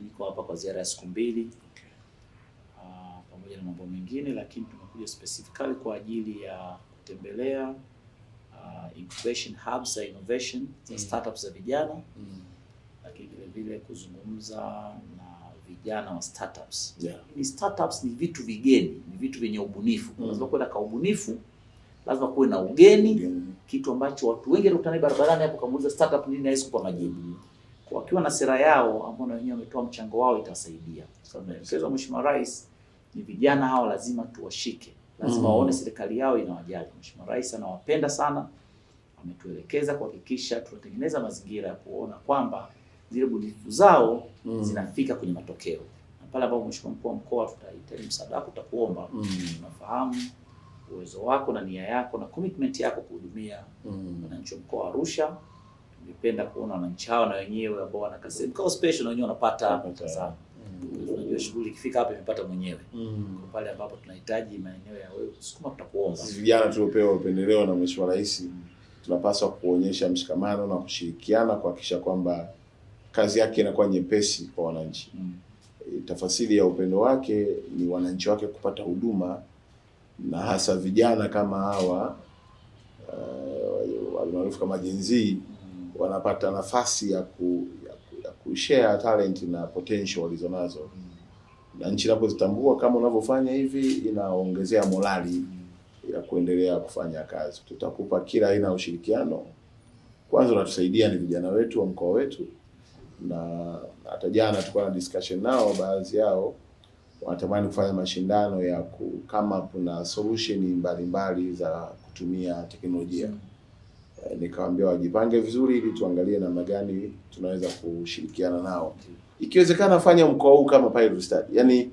Niko hapa kwa ziara ya siku mbili Uh, pamoja na mambo mengine, lakini tumekuja specifically kwa ajili ya kutembelea uh, incubation hubs za innovation za mm. startups za vijana mm. lakini vile vile kuzungumza na vijana wa startups. Yeah. Ni startups ni vitu vigeni, ni vitu vyenye ubunifu mm. lazima kwenda na ubunifu lazima kuwe na ugeni mm. kitu ambacho watu wengi wanakutana barabarani hapo, kamuuliza startup nini, hawezi kupa majibu mm wakiwa na sera yao ambao na wenyewe wametoa mchango wao itawasaidia. Sababu wa Mheshimiwa Rais ni vijana hawa lazima tuwashike, lazima mm. waone mm -hmm. serikali yao inawajali. Mheshimiwa Rais anawapenda sana, ametuelekeza kuhakikisha tunatengeneza mazingira ya kuona kwamba zile bunifu zao mm -hmm. zinafika kwenye matokeo, na pale ambapo Mheshimiwa mkuu wa mkoa tutahitaji msaada wako, tutakuomba mm -hmm. uwezo wako na nia yako na commitment yako kuhudumia mm. wananchi mm -hmm. wa mkoa wa Arusha ningependa kuona wananchi hawa na wenyewe ambao wana kaseti kwa special na wenyewe wanapata sana. Mm. Unajua shughuli ikifika hapa imepata mwenyewe. Mm. Kwa pale ambapo tunahitaji maeneo ya wewe kusukuma tutakuomba. Sisi vijana tuliopewa upendeleo na Mheshimiwa Rais tunapaswa kuonyesha mshikamano na kushirikiana kuhakikisha kwamba kazi yake inakuwa nyepesi kwa wananchi. Mm. E, ya upendo wake ni wananchi wake kupata huduma na hasa vijana kama hawa uh, e, maarufu kama jenzii wanapata nafasi ya ku ya, ku, ya kushare talent na potential walizonazo mm. na nchi inapozitambua kama unavyofanya hivi, inaongezea morali mm. ya kuendelea kufanya kazi. Tutakupa kila aina ya ushirikiano. Kwanza unatusaidia ni vijana wetu wa mkoa wetu, na hata jana tulikuwa na discussion nao, baadhi yao wanatamani kufanya mashindano ya ku, kama kuna solution mbalimbali za kutumia teknolojia mm. Eh, nikawambia wajipange vizuri ili tuangalie namna gani tunaweza kushirikiana nao, ikiwezekana fanya mkoa huu kama pilot study, yani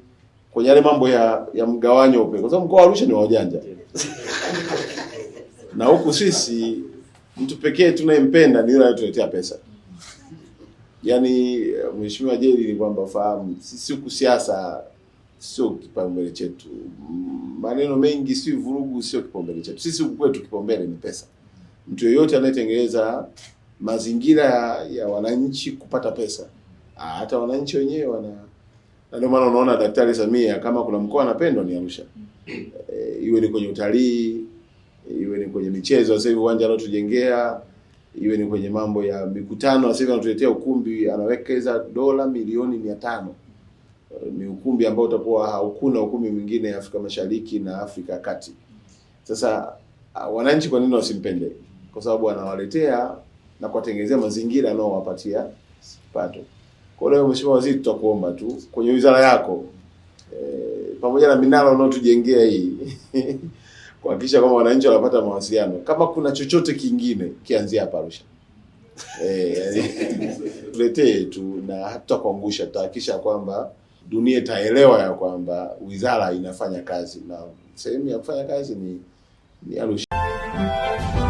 kwenye yale mambo ya ya mgawanyo upe, kwa sababu mkoa wa Arusha ni wajanja na huku sisi mtu pekee tunayempenda ni yule anayetuletea pesa. Yani eh, mheshimiwa Jerry, ni kwamba fahamu sisi huku siasa sio kipaumbele chetu, maneno mengi si vurugu, sio kipaumbele chetu sisi. Huku kwetu kipaumbele ni pesa mtu yeyote anayetengeneza mazingira ya wananchi kupata pesa, hata wananchi wenyewe wana, na ndio maana unaona Daktari Samia kama kuna mkoa anapendwa ni Arusha. E, iwe ni kwenye utalii, iwe ni kwenye michezo, sasa hivi uwanja anaotujengea, iwe ni kwenye mambo ya mikutano, sasa hivi anatuletea ukumbi, anawekeza dola milioni mia tano eh, ni ukumbi ambao utakuwa hakuna ukumbi mwingine Afrika Mashariki na Afrika Kati. Sasa ah, wananchi kwa nini wasimpende? kwa sababu anawaletea na kuwatengenezea mazingira anaowapatia pato. Kwa hiyo Mheshimiwa Waziri, tutakuomba tu kwenye wizara yako e, pamoja na minara unaotujengea hii kuhakikisha kwamba wananchi wanapata mawasiliano. Kama kuna chochote kingine kianzia hapa Arusha e, tuletee tu, na hatutakuangusha. Tutahakikisha kwamba dunia itaelewa ya kwamba wizara inafanya kazi na sehemu ya kufanya kazi ni, ni Arusha.